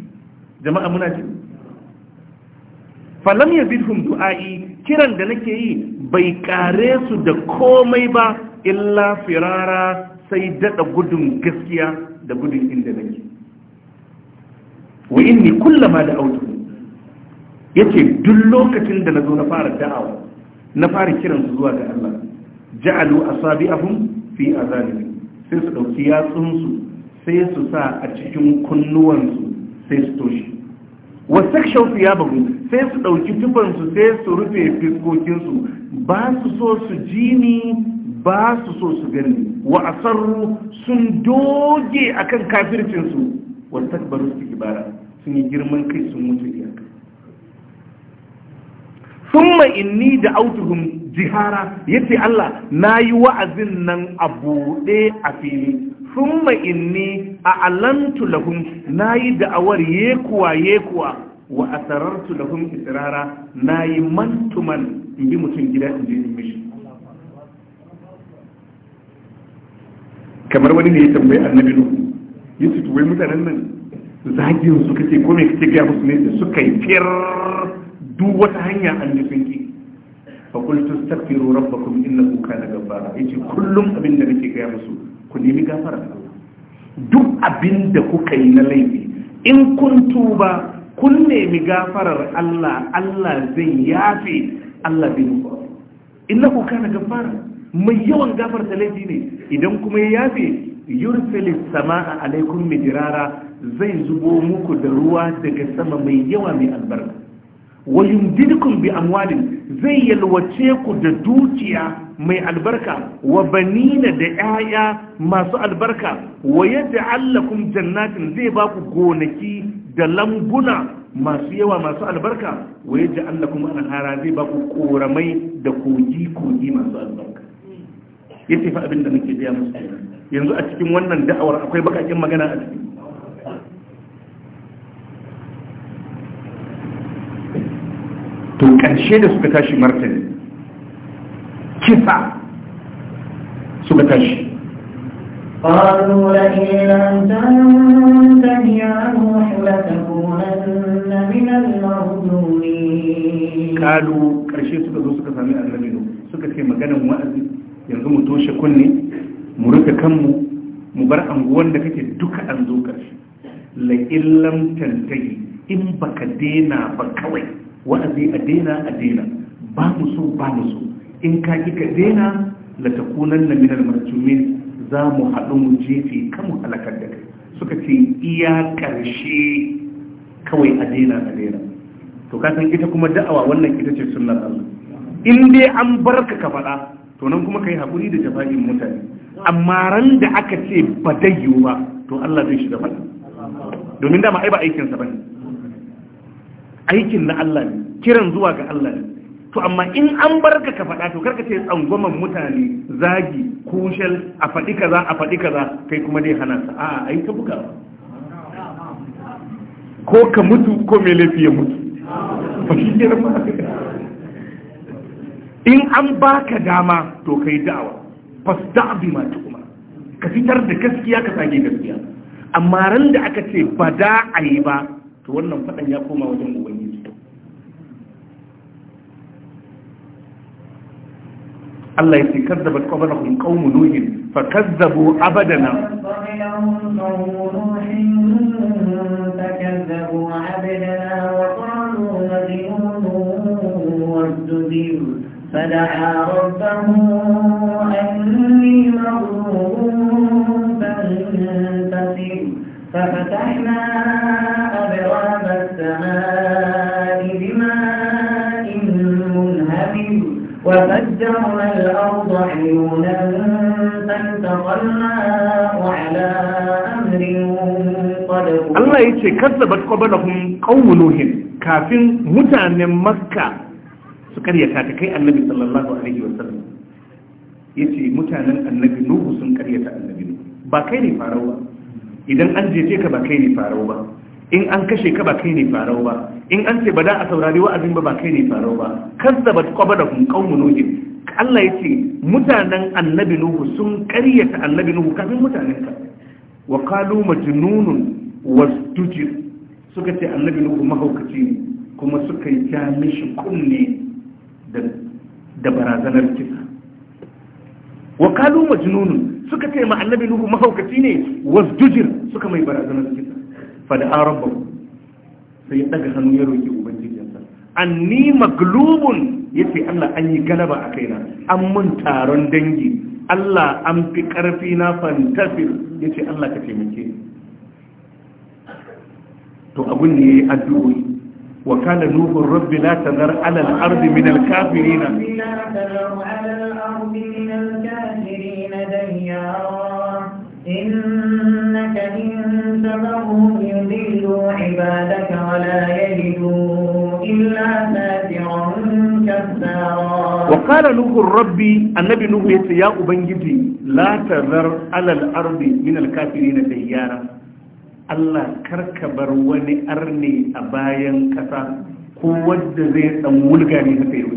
jama'a muna ce falam yazidhum du'ai kiran da nake yi bai kare su da komai ba illa firara sai dada gudun gaskiya da gudun inda nake wa inni kullama da autu yace duk lokacin da nazo na fara da'awa na fara kiran su zuwa ga Allah ja'alu asabi'ahum fi azanihim sai su dauki yatsunsu sai su sa a cikin kunnuwansu sai su toshi. wa sakshaw thiyabahum sai su ɗauki tufansu sai su rufe fiskokinsu ba su so su ji ni ba su so su gani wa sun doge a kan kafircinsu wani takbaru su bara sun yi girman kai sun mutu iyaka sun inni da autuhum jihara ya ce Allah na yi wa'azin nan a buɗe a fili sun inni a alantu lahum na yi da'awar yekuwa yekuwa wa asarartu isirara israra nayi mantuman in bi mutum gida in je in mishi kamar wani ne ya tambayi annabi nu ya ce tuwai mutanen nan zagin su kace ko me kace ga musu ne suka yi fir duk wata hanya an ji sun ki fa qultu astaghfiru rabbakum innahu kana ghaffara yace kullum abin da nake ga musu ku nemi gafara duk abin da kuka yi na laifi in kun tuba kun nemi gafarar Allah Allah zai yafe Allah ku inna ku kana gafara mai yawan gafar laifi ne idan kuma ya yafe yursilis sama'a alaikum midrara zai zubo muku da ruwa daga sama mai yawa mai albarka wa yumdidukum bi amwalin zai yalwace ku da dukiya mai albarka wa banina da 'ya'ya masu albarka wa yadda lakum jannatin zai ba ku gonaki da lambuna masu yawa masu albarka wa yadda Allah kuma an hara zai ba ku koramai da kogi-kogi masu albarka ya tafi abin da muke biya musu yanzu a cikin wannan da'awar akwai bakakin magana a ciki to ƙarshe da suka tashi martani kisa suka tashi قالوا لئن لم تنته يا نوح لتكونن من المردومين قالوا ƙarshe suka zo suka sami annabi nuhu suka ce maganan wa'azi yanzu mu toshe kunne mu rufe kanmu mu bar anguwan da kake duka an zo karshe. La lam tantahi in baka dena ba kawai wa'azi a dena a dena ba mu so ba mu so in ka ki ka dena la takunanna min al-marjumin za mu haɗu mu jefe kan mu halakar da kai suka ce iya ƙarshe kawai a daina a daina to ka san ita kuma da'awa wannan ita ce sunnar Allah in dai an barka ka faɗa to nan kuma kai haƙuri da jafa'in mutane amma ran da aka ce ba dai yiwu ba to Allah zai shiga faɗa domin dama ai ba aikinsa ba ne aikin na Allah ne kiran zuwa ga Allah ne to amma in an barka ka faɗa to karka ce tsangwaman mutane zagi kushel a faɗi kaza a faɗi kaza kai kuma dai hana sa a ai ta buga ko ka mutu ko mai laifi ya mutu ba shi girma in an baka dama to kai da'awa fasda'bi ma kuma. ka fitar da gaskiya ka sage gaskiya amma ran da aka ce ba da'a yi ba to wannan faɗan ya koma wajen ubangi الله يتكذب قبلهم قوم نوح فكذبوا أبدنا فدعا ربه أني مغروب فانتصر ففتحنا أبواب السماء وفجرنا الأرض عيونا فالتقى على أمر Allah ya ce kazzabat qablahum qawmu nuhin kafin mutanen Makka su karyata ta kai Annabi sallallahu alaihi wasallam yace mutanen Annabi Nuhu sun karyata Annabi ba kai ne farau ba idan an jeje ka ba kai ne farau ba in an kashe ka ba kai ne farau ba in an ce ba da a saurari wa'azin ba ba kai ne farau ba ba kwaba da qablahum qaumun nuh Allah yace mutanen annabi nuhu sun karyata annabi nuhu kafin mutanen ka wa jununun majnunun wastujir suka ce annabi nuhu mahaukaci ne kuma suka yi ta mishi kunne da barazanar kisa wa qalu majnunun suka ce ma annabi nuhu mahaukaci ne wasjujir suka mai barazanar kisa fa da rabbahu sai ya daga hannu ya roki ubangijinsa anni maglubun yace Allah an yi galaba a kaina an mun taron dangi Allah an fi karfi na fantafir yace Allah ka taimake to abun ne yayi addu'o'i wa kana nuhu rabbi la tadhar ala al-ardi min al-kafirin la tadhar ala al-ardi min al-kafirin dayyara إنك إن سبهم يذلوا عبادك ولا يجدوا إلا وقال نوح الرب النبي نوح يا أبنجدي لا تذر على الأرض من الكافرين ديارا الله كركبر وني أرني أبايا كسا قوة زي أمول غاني هتيرو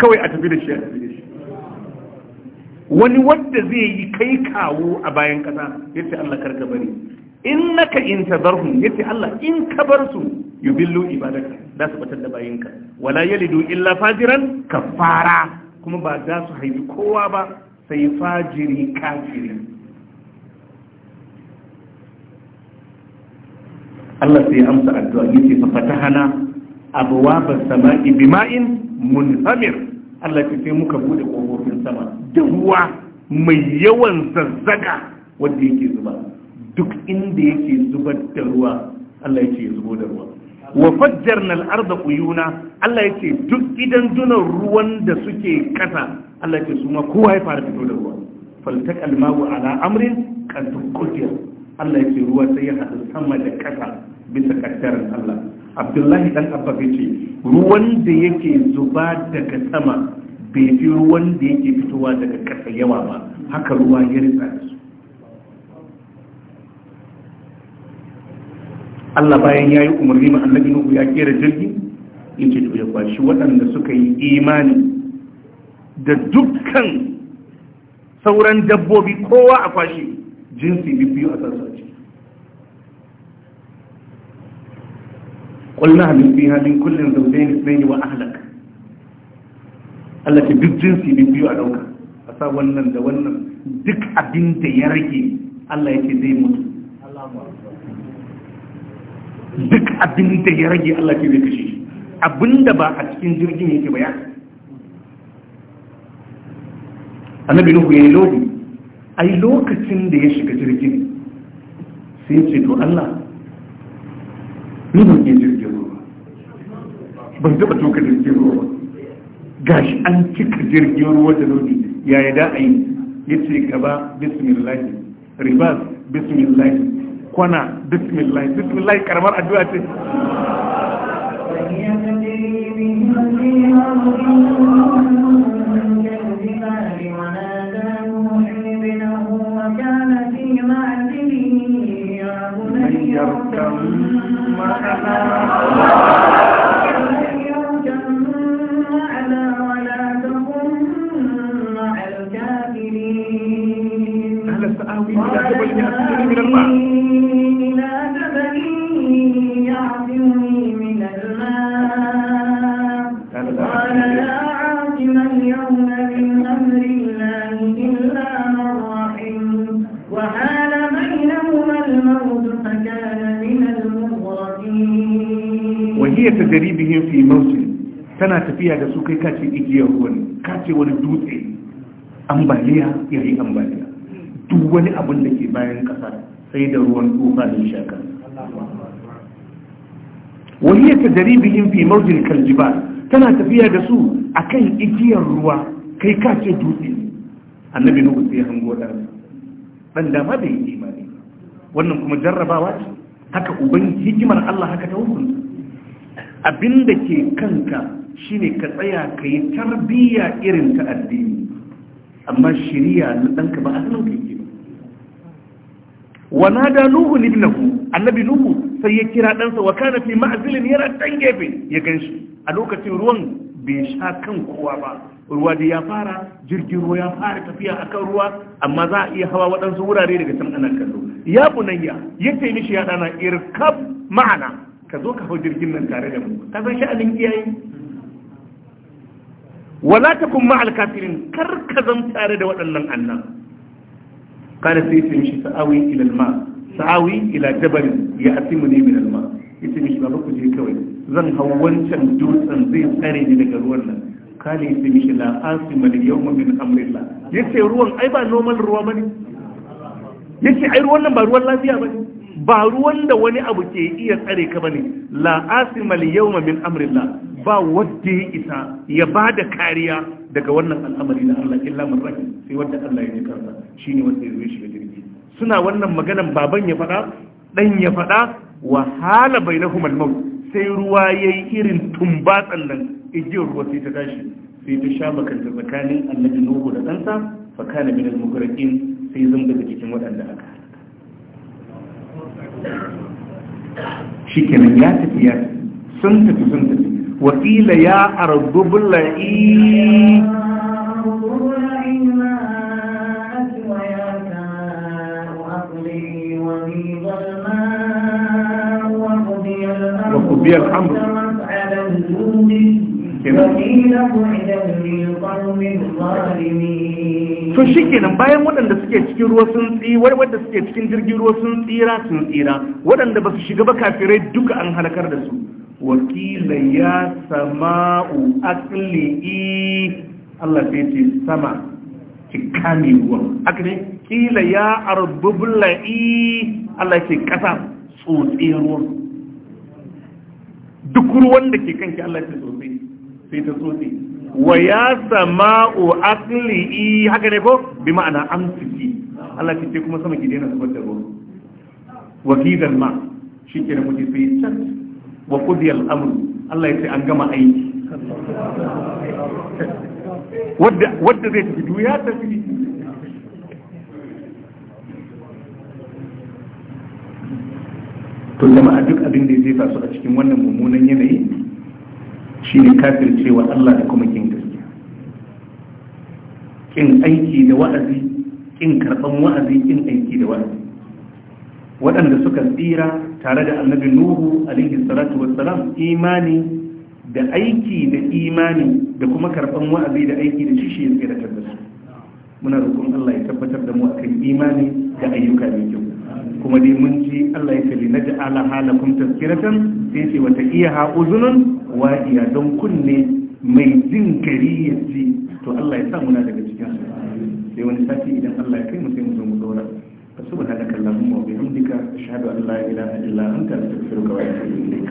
كوي أتبيل الشيء wani wadda zai yi kai kawo a bayan kasa yace Allah karka bari in naka in tadarhum yace Allah in ka bar su billo ibadaka za su batar da bayinka wala yalidu illa fajiran fara kuma ba za su haifi kowa ba sai fajiri kafiri Allah sai amsa addu'a yace fa fatahana abwaab as-sama'i bima'in munhamir Allah ce sai muka bude kofofin sama da ruwa mai yawan zazzaga wanda yake zuba duk inda yake zubar da ruwa Allah yake zubo da ruwa wa fajjarna al uyuna Allah yake duk idan dunan ruwan da suke kasa Allah yake su ma kowa ya fara fito da ruwa faltaq al-ma'u ala amrin qad qudir Allah yake ruwa sai ya hadu sama da kasa bisa kaddaran Allah abdullahi ɗan abba ce ruwan da yake zuba daga sama bai fi ruwan da yake fitowa daga ƙasa yawa ba haka ruwa ya ritsa su Allah bayan ya yi umarni ma annabi Nuhu ya kera jirgi ya ce to ya kwashi waɗanda suka yi imani da dukkan sauran dabbobi kowa a kwashi jinsi biyu a sassa قلنا من فيها min كل زوجين اثنين wa ahlak Allah ce duk jinsi ne biyu a ɗauka a sa wannan da wannan duk abin da ya rage Allah yake zai mutu duk abin da ya rage Allah ke zai kashe shi abinda ba a cikin jirgin yake ba ya annabi nuhu yayi lodi ai lokacin da ya shiga jirgin sai ce to Allah nuhu ke jirgin ban taba toka jirgin ruwa ba gashi an cika jirgin ruwa da lodi ya da a yi ya ce gaba bismillahi ribas bismillahi kwana bismillahi bismillahi karamar addu'a ce bihin fi mawsin tana tafiya da su kai kace igiyar ruwan kace wani dutse ambaliya yayi ambaliya duk wani abin da ke bayan kasa sai da ruwan tufa da shaka wahiyar ta bihin fi mawjin kaljiba tana tafiya da su a kan igiyar ruwa kai kace dutse annabi nuhu sai hango dan dan da ma bai imani wannan kuma jarrabawa ce haka uban hikimar Allah haka ta hukunta abin da ke kanka shine ka tsaya ka yi tarbiyya irin ta addini amma shirya na ɗanka ba a hannun ka yake Wana da nuhu ibnahu annabi nuhu sai ya kira ɗansa wa kana fi ma'azilin yana ɗan gefe ya ganshi a lokacin ruwan bai sha kan kowa ba ruwa da ya fara jirgin ruwa ya fara tafiya a kan ruwa amma za a iya hawa waɗansu wurare daga can ana kallo ya bunayya ya ce ya ɗana irkab ma'ana ka zo ka hau jirgin nan tare da mu ka san sha'anin iyaye wala kun ma alkafirin kar ka zan tare da waɗannan annan kada sai ce mishi sa'awi ila ma sa'awi ila jabal ne min alma ma yace mishi ba ku je kawai zan hau wancan dutsen zai tsare ni daga ruwan nan kale yace mishi la asima al-yawma min amrillah yace ruwan ai ba normal ruwa bane yace ai ruwan nan ba ruwan lafiya bane ba ruwan da wani abu ke iya tsare ka bane la asimal yawma min amrillah ba wadda ya isa ya bada kariya daga wannan al'amari da Allah illa man rahim sai wanda Allah ya yi karba shine wanda ya zo shi jirgi suna wannan maganan baban ya fada dan ya fada wa hala bainahum al-maut sai ruwa yayi irin tumbatsan nan igiyar ruwa sai ta tashi sai ta sha makanta tsakanin annabi Nuhu da kansa fa kana min al mukarrabin sai zan daga cikin waɗanda aka shi kenan ya tafi ya sun tafi sun tafi wakila ya arzubula'i وقضي الأمر to shi kenan bayan waɗanda suke cikin ruwa sun tsira waɗanda suke cikin jirgin ruwa sun tsira sun tsira waɗanda ba su shiga ba kafirai duka an halakar da su wakila ya sama'u akli'i Allah sai ce sama ki kame ruwa. aka ne kila ya arbubla'i Allah ce kasa tsotse ruwa duk ruwan da ke kanki Allah ce tsotse sai ta tsotse wa ya sama'u akli'i haka ne ko bi ma'ana amsiki Allah ce kuma sama ki daina zubar da ruwa wa kidan ma shi ke da mutu sai can wa kudiyal amru Allah ya ce an gama aiki wadda wadda zai tafi duniya tafi to jama'a duk abin da ya jefa a cikin wannan mummunan yanayi shi ne cewa Allah da kuma kin gaske. kin aiki da wa'azi kin karban wa'azi kin aiki da wa'azi waɗanda suka tsira tare da annabi nuhu alaihi salatu wassalam imani da aiki da imani da kuma karban wa'azi da aiki da shi shi ya tsira tabbas muna roƙon Allah ya tabbatar da mu akan imani da ayyuka mai kyau kuma dai mun ji Allah ya kalli na ja'ala halakum tazkiratan sai ce wata iya ha wadiya don kunne mai jin gari ya ji to Allah ya sa muna daga cikin su sai wani sati idan Allah ya kai mu sai mu zo mu zaura fa subhanaka allahumma wa bihamdika ashhadu an la ilaha illa anta astaghfiruka wa atubu ilaik